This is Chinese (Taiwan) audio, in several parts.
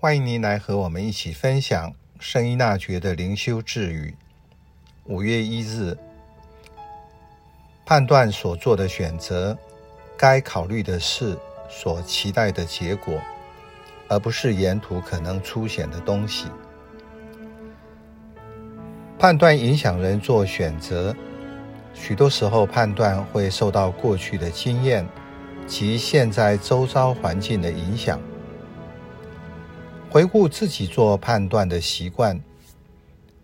歡迎您來和我們一起分享聖依納爵的靈修智語，五月一日，判斷所做的選擇，該考慮的是，所期待的結果，而不是沿途可能出現的東西。判斷影響人做選擇，許多時候判斷會受到過去的經驗及現在周遭環境的影響。回顧自己做判斷的習慣，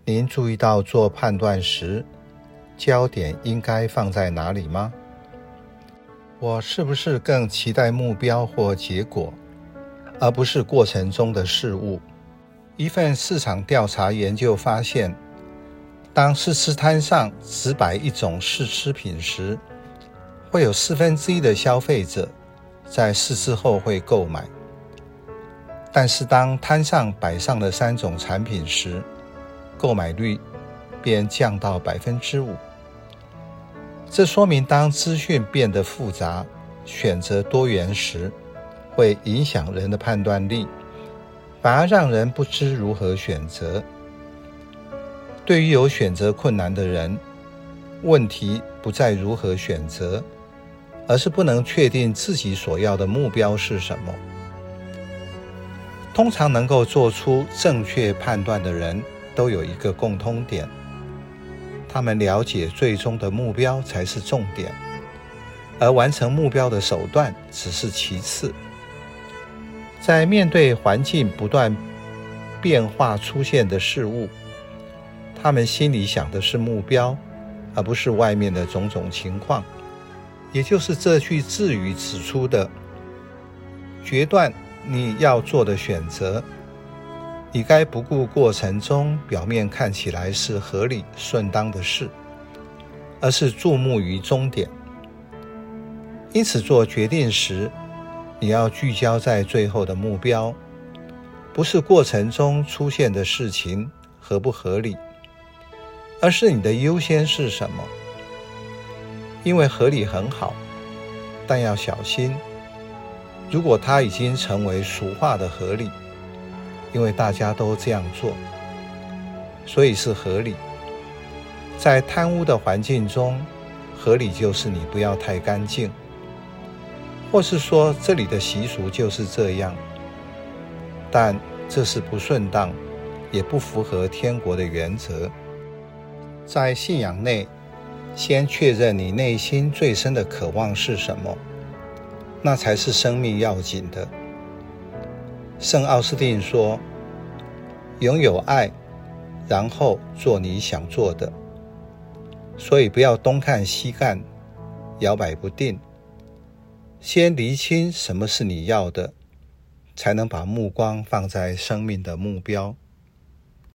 您注意到做判斷時焦點應該放在哪裡嗎？我是不是更期待目標或結果，而不是過程中的事物？一份市場調查研究發現，當試吃攤上只擺一種試吃品時，會有四分之一的消費者在試吃後會購買。但是，當攤上擺上了三種產品時，購買率便降到百分之五。這說明，當資訊變得複雜、選擇多元時，會影響人的判斷力，反而讓人不知如何選擇。對於有選擇困難的人，問題不在如何選擇，而是不能確定自己所要的目標是什麼。通常能夠做出正確判斷的人都有一個共通點：他們了解最終的目標才是重點，而完成目標的手段只是其次。在面對環境不斷變化出現的事物，他們心裡想的是目標，而不是外面的種種情況。也就是這句智語指出的決斷。你要做的選擇，你該不顧過程中表面看起來是合理順當的事，而是注目於終點。因此，做決定時，你要聚焦在最後的目標，不是過程中出現的事情合不合理，而是你的優先是什麼？因為合理很好，但要小心。如果它已經成為俗化的合理，因為大家都這樣做，所以是合理。在貪污的環境中，合理就是你不要太乾淨，或是說這裡的習俗就是這樣。但這是不順當，也不符合天國的原則。在信仰內，先確認你內心最深的渴望是什麼。那才是生命要緊的。聖奧斯定說：“擁有愛，然後做你想做的。”所以不要東看西看，搖擺不定。先釐清什麼是你要的，才能把目光放在生命的目標。